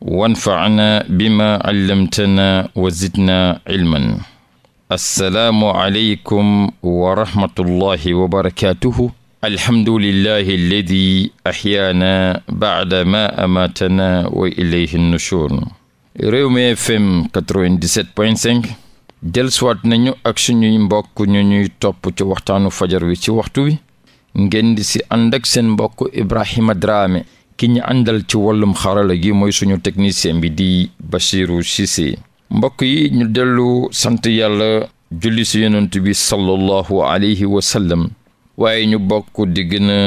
wanfacna bima callamtana wa zidna cilman assalaamu aleykum wa rahmatullahi wa barakatuhu alhamdulillahi alladi axyaana bacda ma amaatana wa ilayhi nushur Rewmi FM 97.5 delsuwaat nañu ak suñuy mbokk ñu ñuy topp ci waxtaanu fajar wi ci waxtu wi ngeen di si ànd ak seen mbokk Ibrahima Drame ki ñu àndal ci wàllum xarala gi mooy suñu technicien bi di Bachirou Cissé mbokk yi ñu dellu sant yàlla julli si yonent bi sallallahu alayhi wa sallam waaye ñu bokk di gën a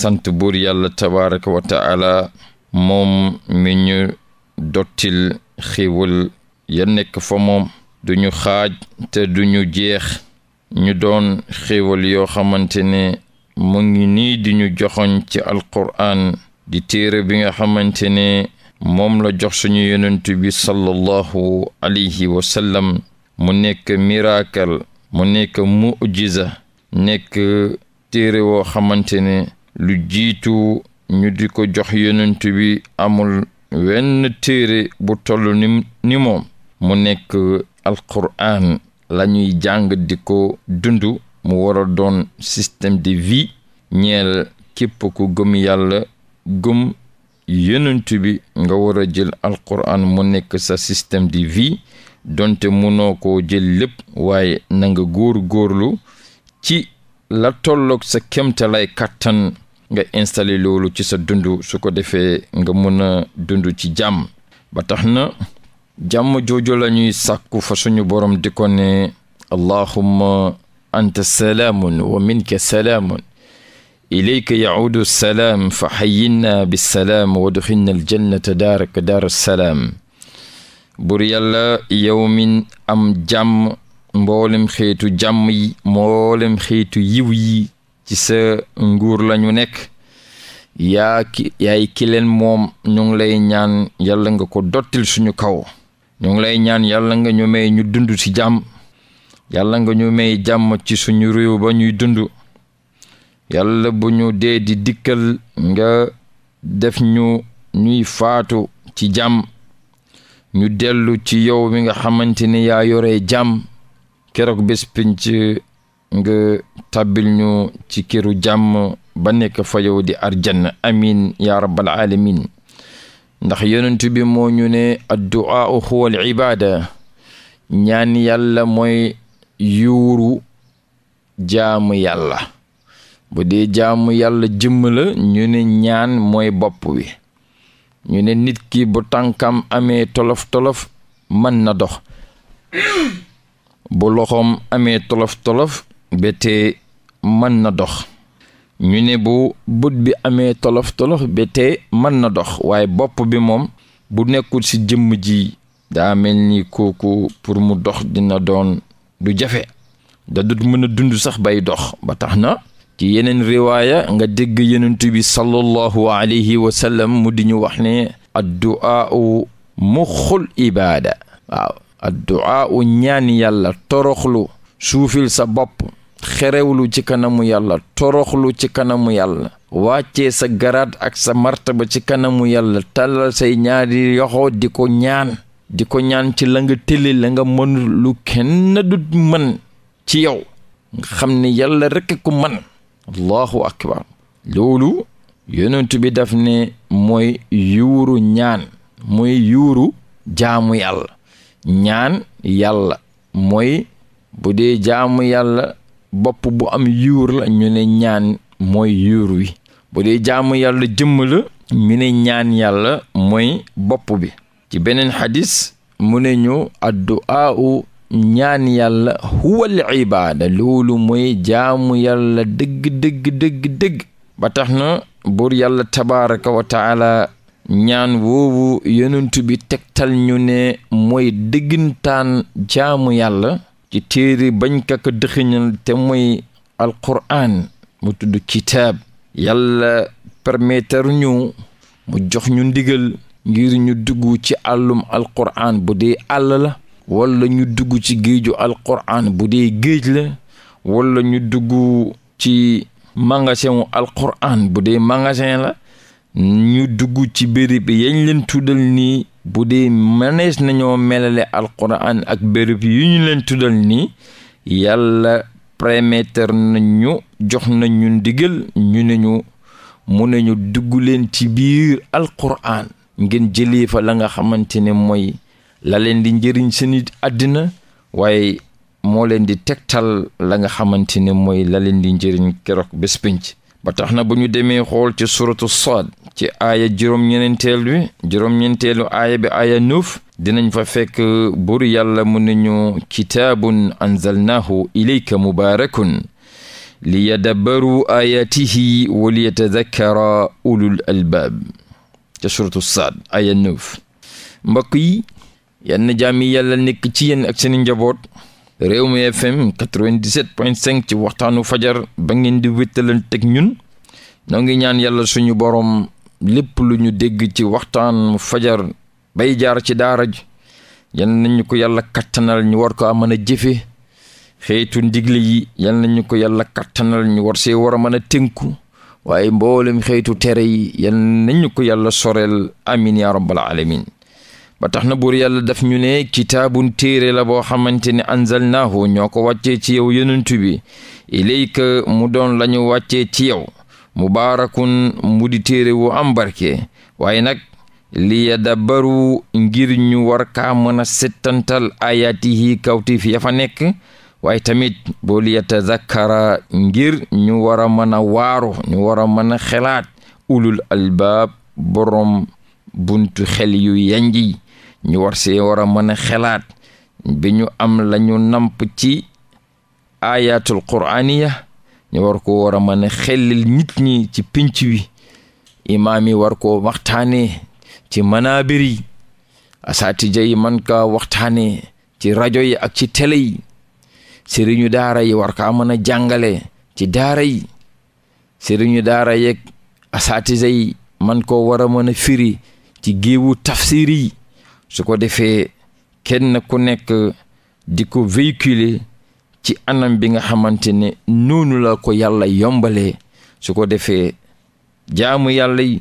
sant buur yàlla tabaraka wa taala moom mi ñu dottil xéewal ya nekk fa moom duñu xaaj te du ñu jeex ñu doon xéewal yoo xamante ne mu ngi nii di ñu joxoñ ci alquraan di téere bi nga xamante ne moom la jox suñu yonent bi sallallahu alayhi wa sallam mu nekk miracle mu nekk mujiza nekk téere woo xamante ne lu jiitu ñu di ko jox yonent bi amul wenn téere bu toll ni moom mu nekk alquran la ñuy jàng di ko dundu mu war doon système de vie ñeel képp ku gëm yàlla gëm yenent bi nga war a jël alquran mu nekk sa système de vi donte munoo ko jël lépp waaye nanga góor góorlu ci la tolloog sa kemtalay kàttan nga installé loolu ci sa dund su ko defee nga mun a dundu ci jàmm ba tax na jàmm jooju la ñuy sàkku fa suñu borom di ko ne allahumma anta salaamun wa minka salaamun ilayka yacuudu salaam fa salaam bisalaam wadxilna aljannata daaraka daaru salaam bur yàlla yow min am jàmm mboolem xeetu jàmm yi mboolem xeetu yiw yi ci sa nguur lañu nekk yaa ki yaay ki moom ñu ngi lay ñaan yàlla nga ko dottil suñu kaw ñu ngi lay ñaan yàlla nga ñu may ñu dund ci jàmm yàlla nga ñu may jàmm ci suñu réew ba ñuy dund yàlla bu ñu dee di dikkal nga def ñu ñuy faatu ci jàmm ñu dellu ci yow mi nga xamante ni yaa yore jàmm keroog bés pinc nga tàbbil ñu ci këru jàmm ba nekk fa yow di arjanna amin ya rabbal alamin ndax yonent bi moo ñu ne addu'a huwa al ñaan yàlla mooy yuuru jaamu yàlla bu dee jaamu yàlla jëmm la ñu ne ñaan mooy bopp wi ñu ne nit ki bu tànkam amee tolof tolof mën na dox bu loxoom amee tolof tolof bete mën bi amee tolof tolof mën na dox waaye bopp bi moom bu nekkul ci jëmm ji daa mel ni kooku pour mu dox dina doon du jafe da mën a dund sax bay dox ba tax na ci yeneen riwaaya nga dégg yenent bi sallallahu alayhi wa mu di ñu wax ne addu'aau muxul ibaada waaw addu'aau ñaan yàlla toroxlu suufil sa bopp xerewlu ci kanamu yàlla toroxlu ci kanamu yàlla wàccee sa garaat ak sa martaba ci kanamu yàlla tallal say ñaari yoxo di ko ñaan di ko ñaan ci lang nga tële la nga mën lu kenn du mën ci yow nga xam ne yàlla rekk ku mën allahu akbar loolu yonent bi daf ne mooy yuuru ñaan mooy yuuru jaamu yàlla ñaan yàlla mooy bu dee jaamu yàlla bopp bu am yuur la ñu ne ñaan mooy yuur wi bu dee jaamu yàlla jëmm la ne ñaan yàlla mooy bopp bi ci beneen xadis mu ne ñu addu'aa ñaan yàlla huwal ibaada loolu mooy jaamu yàlla dëgg dëgg dëgg dëgg ba tax na buur yàlla tabaraka wa ñaan woowu yonentu bi tegtal ñu ne mooy dëggantaan jaamu yàlla ci téere bañ ka ko te moy mooy alquraan mu tudd kitaab yàlla permettre ñu mu jox ñu ndigal ngir ñu duggu ci àllum alquraan bu dee àll la wala ñu dugg ci géeju alquran bu dee géej la wala ñu dugg ci magasin wu alquran bu dee magasin la ñu dugg ci béréb yañ leen tuddal nii bu dee manees nañoo melale alquran ak béréb yu ñu leen tuddal nii yàlla permettre nañu jox nañ ñu ndigal ñu ne ñu mu ne ñu dugg leen ci biir alquran ngeen jëlee fa la nga xamante ne moy la leen di njëriñ seeni àddina waaye moo leen di tegtal la nga xamante ne mooy la leen di njëriñ keroog bés pénc ba tax na bu ñu demee xool ci suratu Saad ci aaya juróom-ñenenteel bi juróom-ñenteelu aaya bi aaya nuuf dinañ fa fekk bur yàlla mu ne ñu kitaabun anzalnaahu ilayka mubaarakun li yadabbaru ayatihi wa li yatadakkara ulul albaab ca suratu Saad aaya nuuf mbokk yenn jaam yi yàlla nekk ci yéen ak seen njaboot réew mi fm 97.5 ci waxtaanu fajar ba ngeen di wéttalanteeg ñun noo ngi ñaan yàlla suñu borom lépp lu ñu dégg ci waxtaan fajar bay jaar ci daara ji yal nañu ko yàlla kattanal ñu war ko a mën a jëfe xeetu ndigle yi yal nañu ko yàlla kattanal ñu war see war a mën a tënku waaye mboolem xeetu tere yi yal nañu ko yàlla soreel amin ya rabbal alamin ba tax na buur yàlla daf ñu ne kitaabun téere la boo xamante ne anzalnaahu ñoo ko wàccee ci yow yonent bi ilayka mu doon la ñu wàccee ci yow mubaarakun mu di téere wu am barke waaye nag li yadabbaru ngir ñu war kaa mën a settantal ayaatihi kawtif ya fa nekk waaye tamit boo li yatazakkara ngir ñu war a mën a waaru ñu war a mën a xelaat ulul albaab borom buntu xel yu yanji ñu war see war a mën a xelaat bi ñu am lañu ñu namp ci ayatul quraaniya ñu war ko war a mën a xellil nit ñi ci pinc wi imaam yi war koo waxtaanee ci manaabir yi asaatija yi man ka waxtaanee ci rajo yi ak ci télé yi sëriñu daara yi war kaa mën a jàngale ci daara yi sëriñu daara yeeg asaatija yi man koo war a mën a firi ci géewu tafsir yi su ko defee kenn ku nekk di ko véhiculer ci anam bi nga xamante ne noonu la ko yàlla yombalee su ko defee jaamu yàlla yi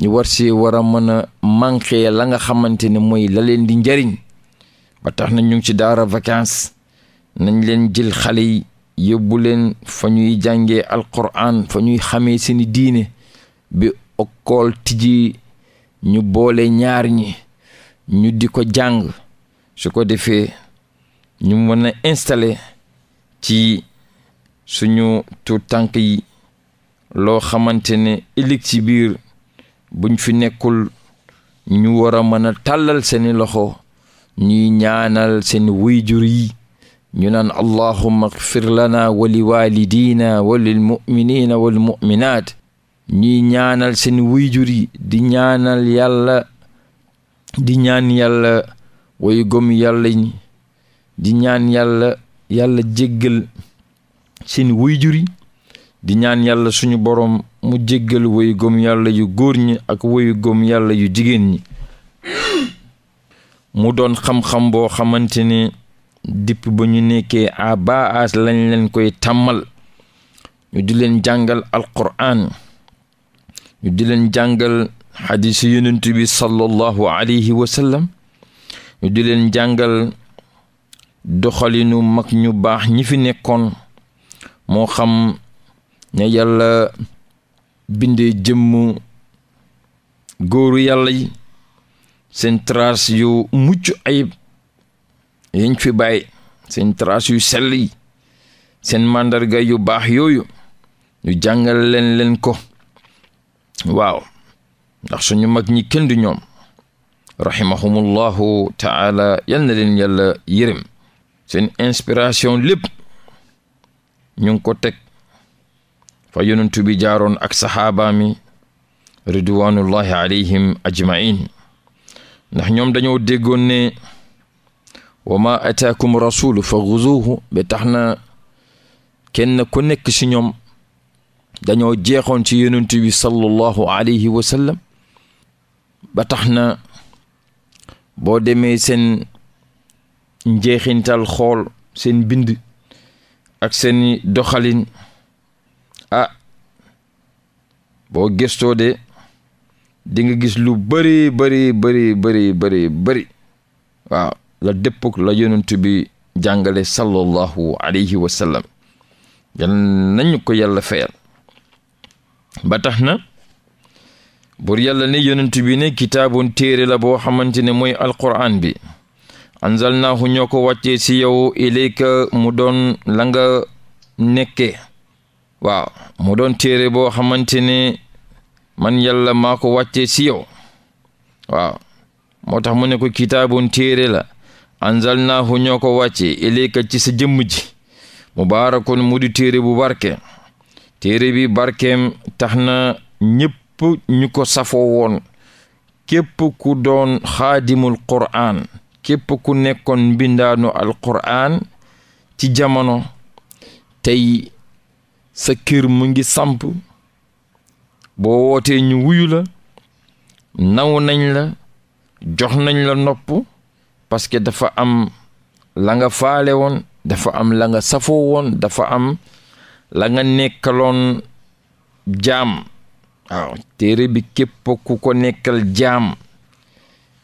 ñu war si war a mën a manqué la nga xamante ne mooy la leen di njariñ ba tax na ñu ci daara vacances nañ leen jël xale yi yóbbu leen fa ñuy jàngee alquran fa ñuy xamee seeni diine bi okkool tijji ñu boole ñaar ñi ñu di ko jàng su ko defee ñu mën a installer ci suñu tu tànk yi loo xamante ne ëllëg ci biir buñ fi nekkul ñu war a mën a tàllal seeni loxo ñuy ñaanal seen wayjur yi ñu naan allahumma gfir lana wa li walidina wa lil muminina wal ñaanal seeni wayjur di ñaanal yàlla di ñaan yàlla way gëm yàlla ñi di ñaan yàlla yàlla jéggal seen wayjur di ñaan yàlla suñu boroom mu jéggal way gëm yàlla yu góor ñi ak woyu gëm yàlla yu jigéen ñi mu doon xam-xam boo xamante ne dipp ba ñu nekkee à bas âge lañ leen koy tàmmal ñu di leen jàngal alquran ñu di leen jàngal xadis yi yonent bi sallallahu ñu di leen jàngal doxalinu mag ñu baax ñi fi nekkoon moo xam ne yàlla bindee jëmm góoru yàlla yi seen trace yu mucc ayib yiñ fi bàyyi seen trace yu sell yi seen màndarga yu baax yooyu ñu jàngal leen leen ko waaw ndax suñu mag ñi kenn du ñoom rahimahumullahu taala yal na leen yàlla yërëm seen inspiration lépp ñu ngi ko teg fa yonent bi jaaroon ak saxaabaa mi ridwanullahi ajmain ndax ñoom dañoo déggoon ne wa ataakum rasulu fa xuzuuhu ba tax na kenn ku nekk ci ñoom dañoo jeexoon ci yonent bi sallallahu alayhi wa ba tax na boo demee seen njeexintal xool seen bind ak seeni doxalin ah boo gistoo de dinga gis lu bari bari bari bari waaw la dëppog la yonent bi jàngale sallallahu alayhi wa yal nañu ko yàlla feyal ba na bur yàlla ne yonent bi ne kitaabun téere la boo xamante ne mooy alquraan bi anzalnaahu ñoo ko wàccee ci yow ilayka mu doon langa nga nekke waaw mu doon téere boo xamante ne man yàlla maa ko wàccee ci yow waaw moo tax mu ne ko kitaabun téere la anzalnaahu ñoo ko wàccee ilayka ci sa jëmm ji mubaarakun mu di téere bu barke téere bi barkeem tax na ñépp ñépp ñu ko safoo woon képp ku doon xaadimul qur'aan képp ku nekkoon mbindaanu alqur'aan ci jamono tey sa kër mu ngi samp boo wootee ñu wuyu la naw nañ la jox nañ la nopp parce que dafa am la nga faale woon dafa am la nga safoo woon dafa am la nga nekkaloon jaam waaw téere bi képp ku ko nekkal jaam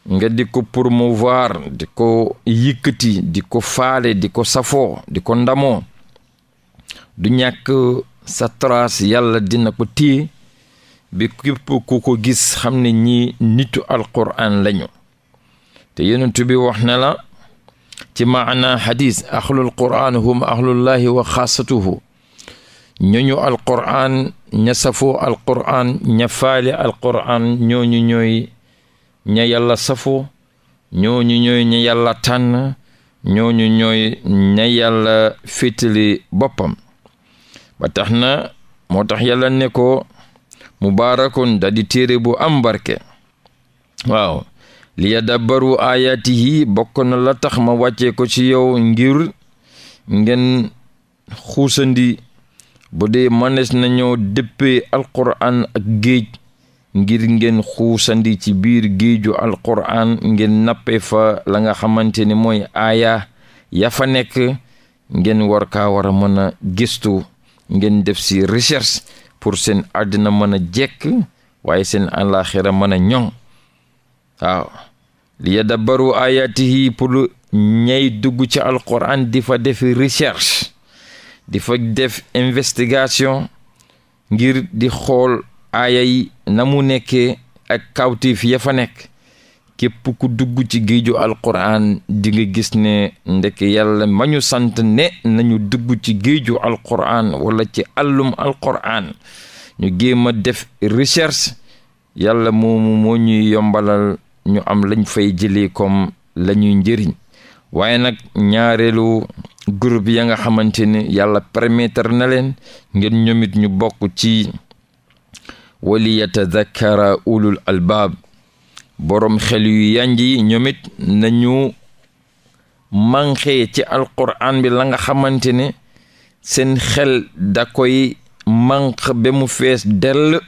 nga di ko promouvoir di ko yëkkati di ko faale di ko safoo di ko ndamoo du ñàkk sa trace yàlla dina ko tii bi képp ku ko gis xam ne ñi nitu alquran lañu te yonent bi wax nala la ci maana xadis ahlul quran hum ahlullahi wa xaasatuhu ñooñu alquran ña safoo alquran ña ñooñu ñooy ña yàlla safoo ñooñu ñooy ña yàlla tànn ñooñu ñooy ña yàlla féetali boppam ba na moo tax yàlla ne ko mubaarakun da di téere bu am barke waaw li yadabbaru ayatihi bokk na la tax ma wàccee ko ci yow ngir ngeen xuusandi bu dee manees nañoo dëppee alquran ak géej ngir ngeen xuusandi ci biir géeju alquran ngeen nappe fa la nga xamante ni mooy aaya ya fa nekk ngeen war kaa war a mën a gëstu ngeen def si recherche pour seen àddina mën a jekk waaye seen àllaaxira mën a ñoŋ waaw li yadabbaru ayatihi pour ñay dugg ci alquran di fa def recherche di fa def investigation ngir di xool aaya yi na mu nekkee ak kawtif ya fa nekk képp ku dugg ci géeju alxuraan dinga gis ne ndek yàlla ma sant ne nañu dugg ci géeju alquran wala ci àllum alquran ñu géem a def recherche yàlla moomu moo yombalal ñu am lañ fay jëlee comme lañuy ñuy njëriñ waaye nag ñaareelu groupe ya nga xamante ni yàlla permettre na leen ngeen ñoomit ñu bokk ci wali yatazakara ulul albaab boroom xel yu yanj yi ñoomit nañu manqué ci alquran bi la nga xamante ne seen xel da koy manq ba mu fees dell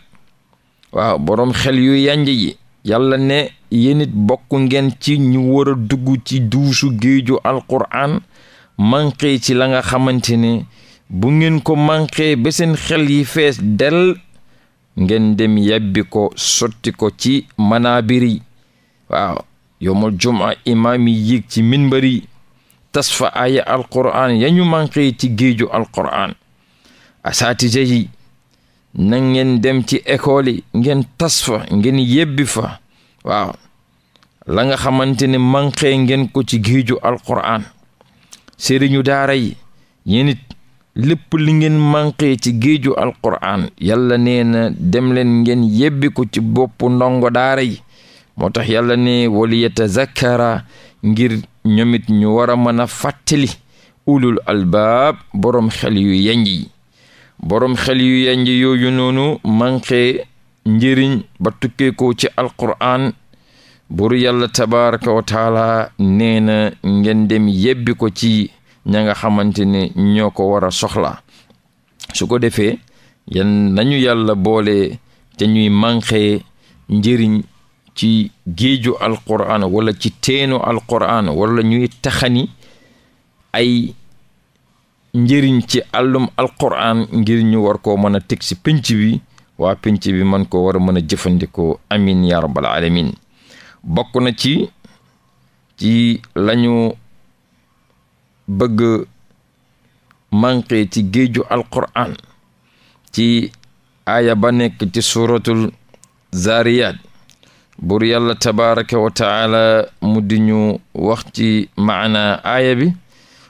waaw boroom xel yu yanj yi yàlla ne yéen bokk ngeen ci ñu war a dugg ci duusu géeju alquran manqué ci la nga xamante ne bu ngeen ko manqué ba seen xel yi fees del ngeen dem yàbbi ko sotti ko ci manaabiri waaw yowmal jumaa imaam yi yéeg ci minbar yi tas fa aaya alqur'an ya ñu ci géeju alqur'an asaatija yi na ngeen dem ci école yi ngeen tas fa ngeen yebbi fa waaw la nga xamante ne manqué ngeen ko ci géeju alqur'an sëriñu daara yi yéen lépp li ngeen manqué ci géeju alquran yàlla nee na dem leen ngeen yebbi ko ci boppu ndongo daara yi moo tax yàlla ne wali yatazakkara ngir ñoomit ñu war a mën a fàttali ulul albaab boroom xel yu yanj yi xel yu yanj yooyu noonu manqué njëriñ ba tukkee ko ci alquran buur yàlla tabaraka wa taala nee ngeen dem yebbi ko ci ña nga xamante ne ñoo ko war a soxla su ko defee yan nañu yàlla boole te ñuy manqué njëriñ ci géeju alquran wala ci teenu alquran wala ñuy taxani ay njëriñ ci àllum alquran ngir ñu war koo mën a teg si pénc bi waa pénc bi man ko war a mën a jëfandikoo amin ya rabbal alamin bokk na ci ci lañu bëgg manqué ci géeju alquran ci aaya ba nekk ci suratul zariyat buur yàlla tabaraka wa mu di ñu wax ci maana aaya bi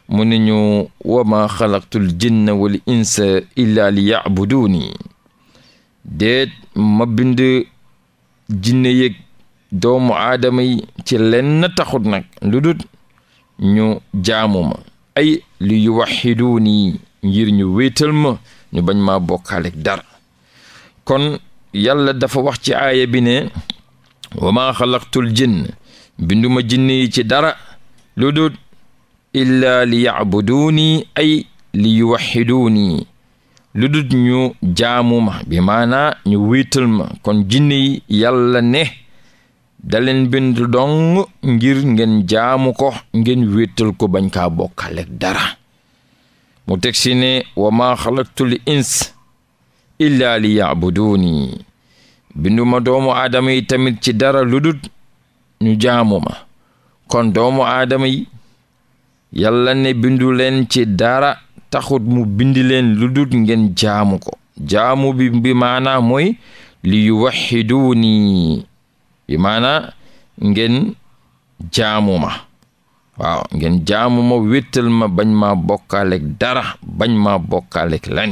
mu ni ñu wa ma xalaqtul jinna wal insa illa li yacbuduuni déet ma jinne yëg doomu aadama yi ci lenn taxut nag lu dut ñu jaamu ma ay li yuwaxiduuni ngir ñu wiital ma ñu bañ ma bokkaaleek dara kon yàlla dafa wax ci aaya bi ne wa maa xalaqtul jinn binduma jinn ci dara lu dut illaa li yacbuduuni ay li yuwaxiduuni lu dut ñu jaamu ma bi maanaa ñu wéetal ma kon jinn yi ne daleen bind dong ngir ngeen jaamu ko ngeen wéetal ko bañ kaa bokkale dara mu teg si ne wa maa xalaqtul ins illaa li yaabuduuni binduma doomu aadama yi tamit ci dara ludut ñu jaamu ma kon doomu aadama yi yàlla ne bindu leen ci dara taxut mu bindi leen ludut ngeen jaamu ko jaamu bi bi maanaa moy li yuwaxiduuni bi maana ngeen jaamu ma waaw ngeen jaamu ma wéttal ma bañ ma bokkaaleeg dara bañ ma bokkaaleeg lan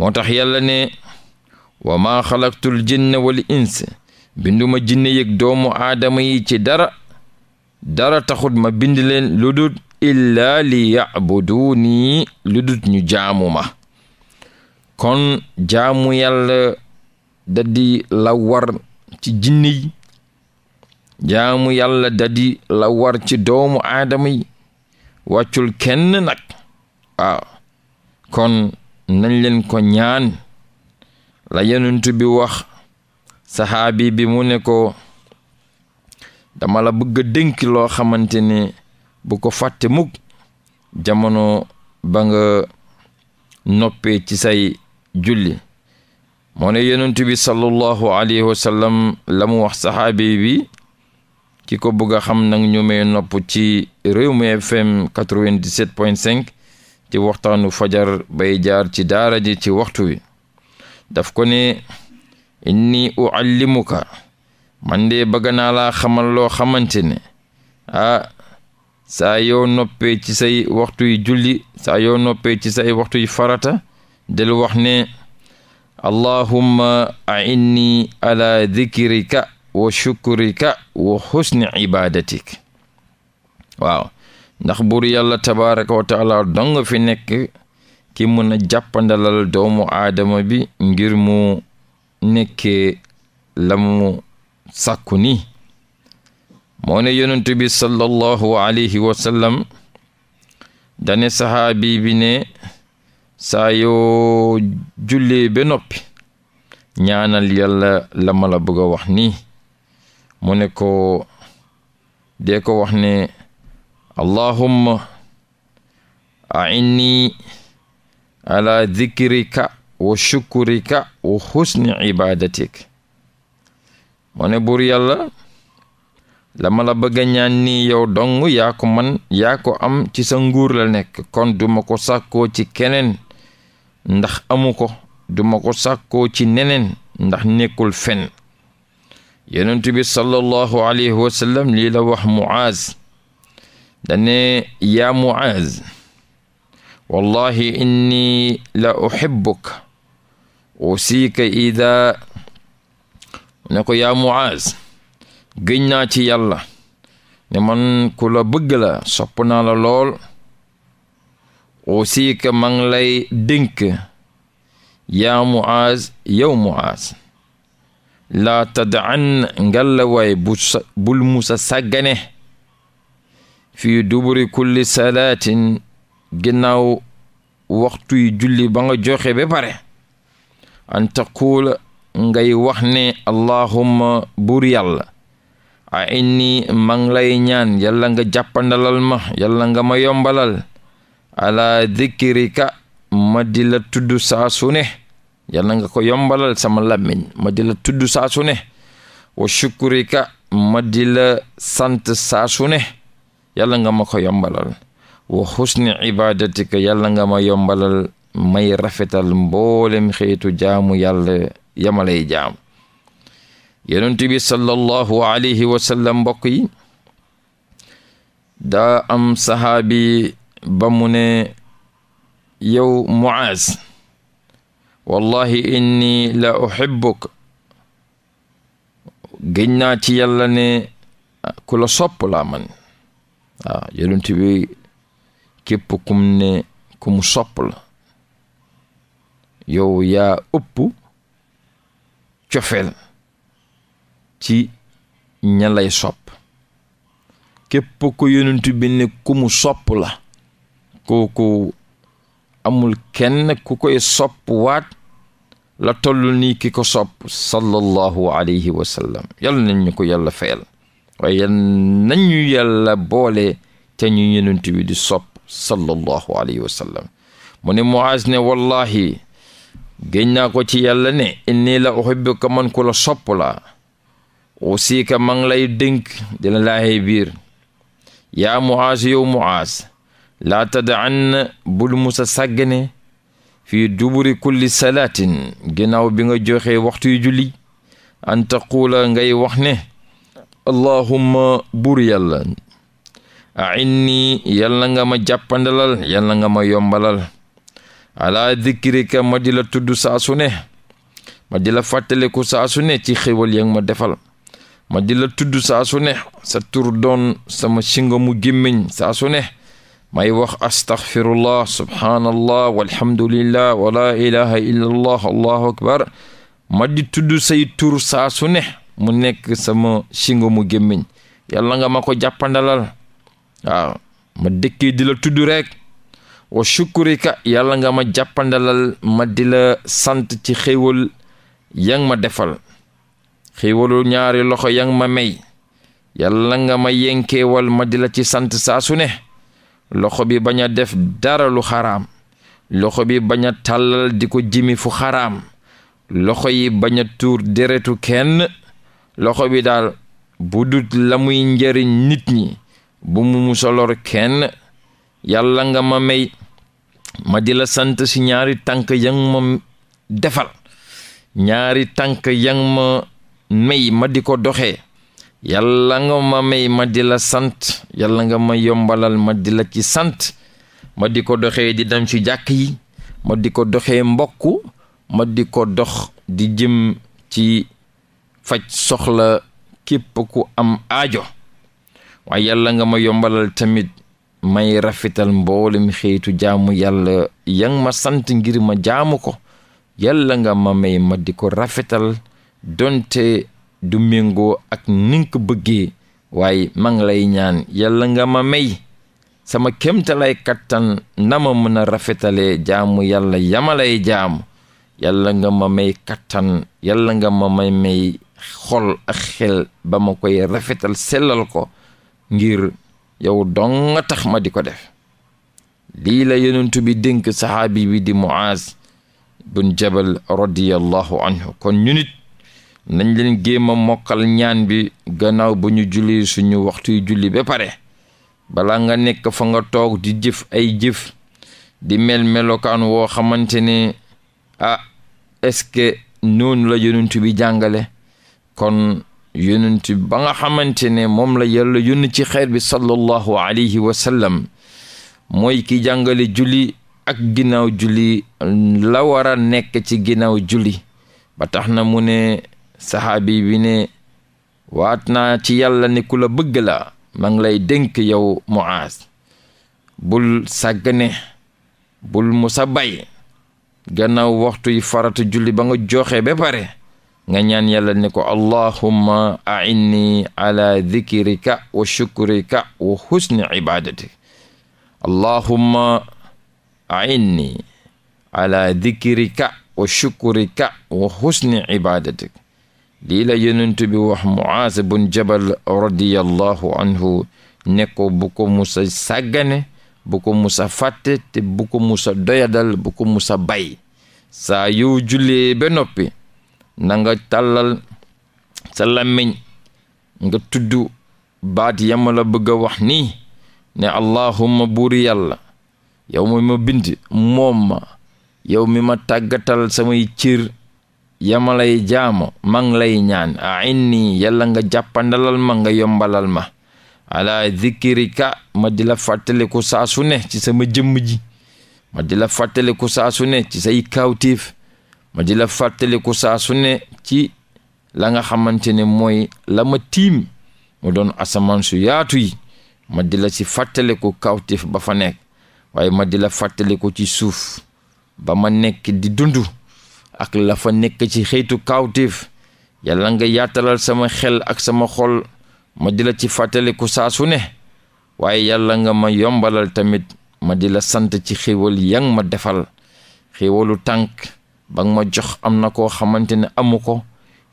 moo tax yàlla ne wa maa xalaqtul jinna wal ins binduma jinne yëg doomu aadama yi ci dara dara taxut ma bind leen lu dut illaa li yacbuduuni lu dut ñu jaamu ma kon jaamu yàlla da di war ci jinne jaamu yàlla dadi la war ci doomu aadama yi wàccul kenn nag waaw kon nañ leen ko ñaan la yonent bi wax saxaabi bi mu ne ko dama la bëgg a dénk loo xamante ne bu ko fàtte mukk jamono ba nga noppee ci say julli moo ne yonent bi sallallahu alayhi wa sallam la mu wax saxaabi bi ki ko bëgg a xam nag ñu may nopp ci Rewmi FM 97.5 ci waxtaanu fajar bay jaar ci daara ji ci waxtu wi daf ko ne inni uallimuka man de bëgg naa laa xamal loo xamante ne ah saa yoo noppee ci say waxtu yu julli saa yoo noppee ci say waxtu yu farata del wax ne allahumma ainni ala dikrika wa shukrika wa xusni ibadatik waaw ndax buur yàlla tabaraka wa taala dong fi nekk ki mën a jàppandalal doomu aadama bi ngir mu nekkee la mu ni moo ne bi sallallahu alayhi wa dane sahaabi bi ne saa yoo jullee ba noppi ñaanal yàlla la ma la bëgg a wax ni mu ne ko dee ko wax ne allahumma ainni ala dikrika wa shukurika wa xusni ibadatik mu ne buur yàlla la ma la bëgg a ñaan yow dong yaa man yaa ko am ci sa nguur la nekk kon duma ko sàkkoo ci keneen ndax amu ko duma ko sakkoo ci neneen ndax nekkul fen yonent bi sallallahu alayhi wa sallam lii la wax muaz dane yaa muaz wallahi inni la uhibbuka usika ida ne ko yaa muaz gëñ naa ci yàlla ne man ku la bëgg la sopp naa la lool usiika ma ngi lay dénk yaa muaaz yow muaaz laa tadaan ngallawaay bul musa sàggane fi duburi kulli salaatin ginnaaw waxtuy julli ba nga joxe ba pare an taquula ngay wax ne allahumma buur yàlla a inni ma lay ñaan yàlla nga jàppandalal ma yàlla nga ma yombalal ala dikrika ma di la tudd saa nga ko yombalal sama làmmiñ ma di la tudd saa su ne wa shukurika ma di la sant saa su yàlla nga ma ko yombalal wa xusni ibadatika yàlla nga ma yombalal may rafetal mboolem xeetu jaamu yàlla yamalay jaam yonent bi sallallahu alayhi wa sallam mbokk yi daa am sahaabi ba mu ne yow Muaz wallahi inni la uhibbuk gëñ naa ci yàlla ne ku sopp la man waaw yonent bi képp kum ne ku sopp la yow ya ëpp cofel ci ñalay lay sopp képp ku yonent bi ne ku sopp la kooku amul kenn ku koy sopp waat la toll nii ki ko sopp sallallahu alayhi wa sallam yal nañ ñu ko yàlla fayal waaye yal nañ ñu yàlla boole te ñu yenent bi di sopp sallallahu alayhi wa sallam mu ne Muaz ne wallahi géñ naa ko ci yàlla ne inni la uhibbuka man ku la sopp la aussi ka ma lay dénk dina laaxee biir yaa Muaz yow Muaz laa tadaan bul musa sàggane fi duburi kulli salaatin ginnaaw bi nga joxe waxtu yu julli an taquula ngay wax ne allahumma buur yàlla ainni yàlla nga ma jàppandalal yàlla nga ma yombalal ala dikrika ma dila la tudd saasu ne ma di la fàttaliku saasu ne ci xéwal yang ma defal ma di la tudd saasu ne sa tur doon sama singamu gémmiñ saasu ne may wax astaghfirullah subhaanallah walhamdulillah wala ilaha illallah allahu akbar ma di tudd say tur saa su ne mu nekk sama singo mu gémmiñ yàlla nga ma ko jàppandalal waaw ma dëkkee di la tudd rek wa shukurika yàlla nga ma jàppandalal ma di la sant ci xéewal yang ma defal xéewalu ñaari loxo yang ma may yàlla nga ma yenkeewal ma di ci sant saa su ne loxo bi bañ a def dara lu xaraam loxo bi bañ a tàllal di ko jimi fu xaraam loxo yi bañ a tuur deretu kenn loxo bi daal bu du la muy njëriñ nit ñi bu mu musolor kenn yàlla nga ma may ma di la sant si ñaari tànk yang ma defal ñaari tànk yang ma may ma di ko doxee yàlla nga ma may ma di la sant yàlla nga ma yombalal ma di la ci sant ma di ko doxee di dem ci jàkk yi ma di ko doxee mbokk ma di ko dox di jëm ci faj soxla képp ku am aajo waaye yàlla nga ma yombalal tamit may rafetal mboolem xeetu jaamu yàlla yang ma sant ngir ma jaamu ko yalla nga ma may ma di ko rafetal donte du méngoo ak ni nga ko waaye ma lay ñaan yàlla nga ma may sama kémtalay kattan na ma mën a rafetale jaamu yàlla yamalay jaamu yàlla nga ma may kattan yàlla nga ma may may xol ak xel ba ma koy rafetal sellal ko ngir yow don nga tax ma di ko def lii la yonentu bi dénk sahaabi bi di muaaz bun jabal radiyallahu anhu kon ñu nañ leen géem a mokkal ñaan bi gannaaw ba ñu julli suñu waxtuy julli ba pare balaa nga nekk fa nga toog di jëf ay jëf di mel melokaan woo xamante ne ah est-ce que noonu la yonent bi jàngale kon yonent ba nga xamante ne moom la yàlla yónn ci xeer bi sallallahu alayhi wa mooy ki jàngale julli ak ginnaaw julli la war nekk ci ginnaaw julli ba tax na mu saxaabi bi ne waat naa ci yàlla ne ku la bëgg la ma ngi lay dénk yow Muaas bul sàggane bul musa bay gannaaw waxtu yi farata julli ba nga joxe ba pare nga ñaan yàlla ne ko allahumma ainni ala dikrika wa shukrika wa husni ibadatik allahumma ainni ala dikrika wa shukrika wa husni ibadatik lii la yonent bi wax muaas bun jabal radiyallahu anhu ne ko bu ko musa sàggane bu ko musa fàtte te bu ko musa doyadal bu ko musa bay saa yow jullee ba noppi na nga tàllal sa làmmiñ nga tudd baat yamala la bëgg a wax ni ne allahumma buuri yàlla yow mi ma bind moom ma yow mi ma tàggatal samay cir yama lay jaamu lay ñaan a inni yàlla nga jàppandalal ma nga yombalal ma ala zikirika ma di la fàttaliku saa su ne ci sama jëmm ji ma di la fàttaliku saa su ne ci say kawtiif ma di la fàttaliku saa su ne ci la nga xamante ne mooy la ma tiim mu doon asamaan su yaatu yi ma di la ci fàttaliku kawtif ba fa nekk waaye ma di la fàttaliku ci suuf ba ma nekk di dundu ak lafa nekk ci xëytu kawtif yàlla nga yaatalal sama xel ak sama xol ma di la ci fàttaliku saa su ne waaye yàlla nga ma yombalal tamit ma di la sant ci xéwal yang ma defal xéwalu tànk ba ma jox am na koo xamante ne amu ko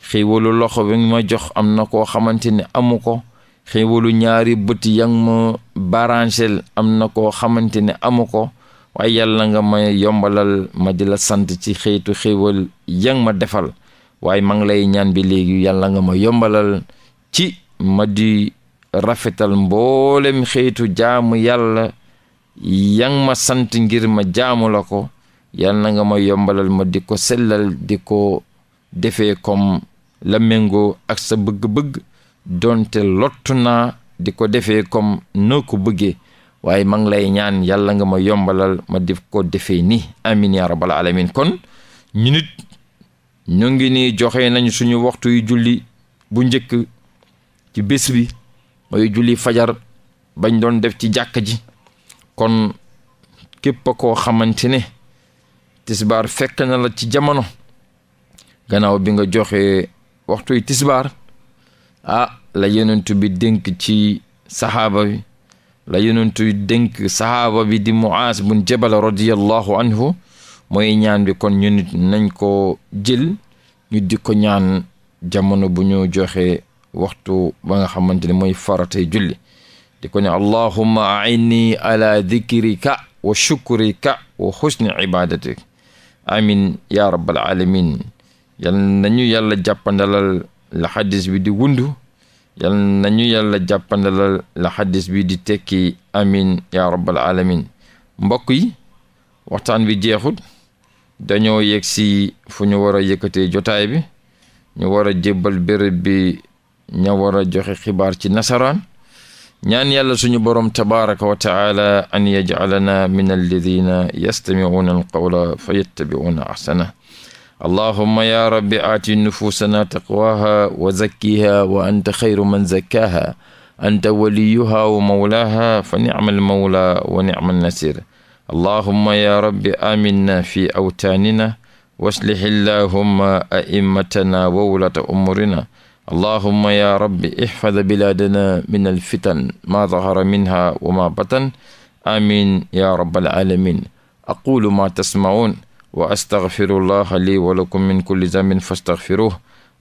xéwalu loxo bi ma jox am na koo xamante ne amu ko xéwalu ñaari bët yang ma barancel am na koo xamante ne amu ko waaye yàlla nga ma yombalal ma di la sant ci xeetu xéewal yan ma defal waaye ma lay ñaan bi léegi yàlla nga ma yombalal ci ma di rafetal mboolem xeetu jaamu yàlla yan ma sant ngir ma jaamu la ko yàlla nga ma yombalal ma di ko sellal di ko defee comme la méngoo ak sa bëgg-bëgg donte lottu naa di ko defe comme noo ko bëggee waaye ma ngi lay ñaan yàlla nga ma yombalal ma def ko defee ni amin ya rabbal alamin kon ñu nit ñu ngi nii joxe nañu suñu waxtu yu julli bu njëkk ci bés bi mooy julli fajar bañ doon def ci jàkk ji kon képp a koo xamante ne tisbaar fekk na la ci jamono gannaaw bi nga joxe waxtu yu tisbaar ah la yonent bi dénk ci saxaaba bi la yonentuy dénk sahaaba bi di muaas bun jabal radiallahu anhu mooy ñaan bi kon ñu nañ ko jël ñu di ko ñaan jamono bu ñu joxe waxtu ba nga xamante ne mooy faratay julli di ko ne allahumma ainni ala dikrika wa shukrika wa husni ibadatik amin ya alamin nañu yàlla jàppandalal la xadis bi di wundu yal nañu yàlla jàppandalal la xaddis bi di tekki amin ya rabbal alamin mbokk yi waxtaan bi jeexul dañoo yegg si fu ñu war a yëkkatee jotaay bi ñu war a jébbal béréb bi ña war a joxe xibaar ci nasaraan ñaan yàlla suñu boroom tabaraka wa taala an yajcalana min alladina yastamicuuna alqawla fa yattabicuuna axsana allahuma ya rabbi aati nufuusanaa taqwaha wa zakkiha wa anta xayru man zakkaaha anta waliyuha wa mawlaaha fa nicmal mawla wa nicmal nasir allahuma ya rabbi aminna fi awtaanina waslih illahumma a'immatana wa wulata umurina allahuma ya rabbi ixfad bilaadana min alfitan ma dahara minha wa ma batan amin ya rabbal alamin aqulu ma tasmaun wa astaghfirullaha lii walakum min kulli zambin fastaghfiruh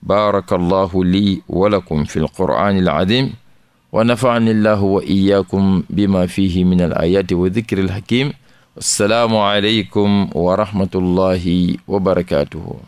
baarakallahu lii walakum fi lqur'ani alazim wa nafaani allahu wa iyaakum bima fihi min al ayaati wa dikri alhakim assalaamu aleykum wa rahmatullahi wa barakaatuhu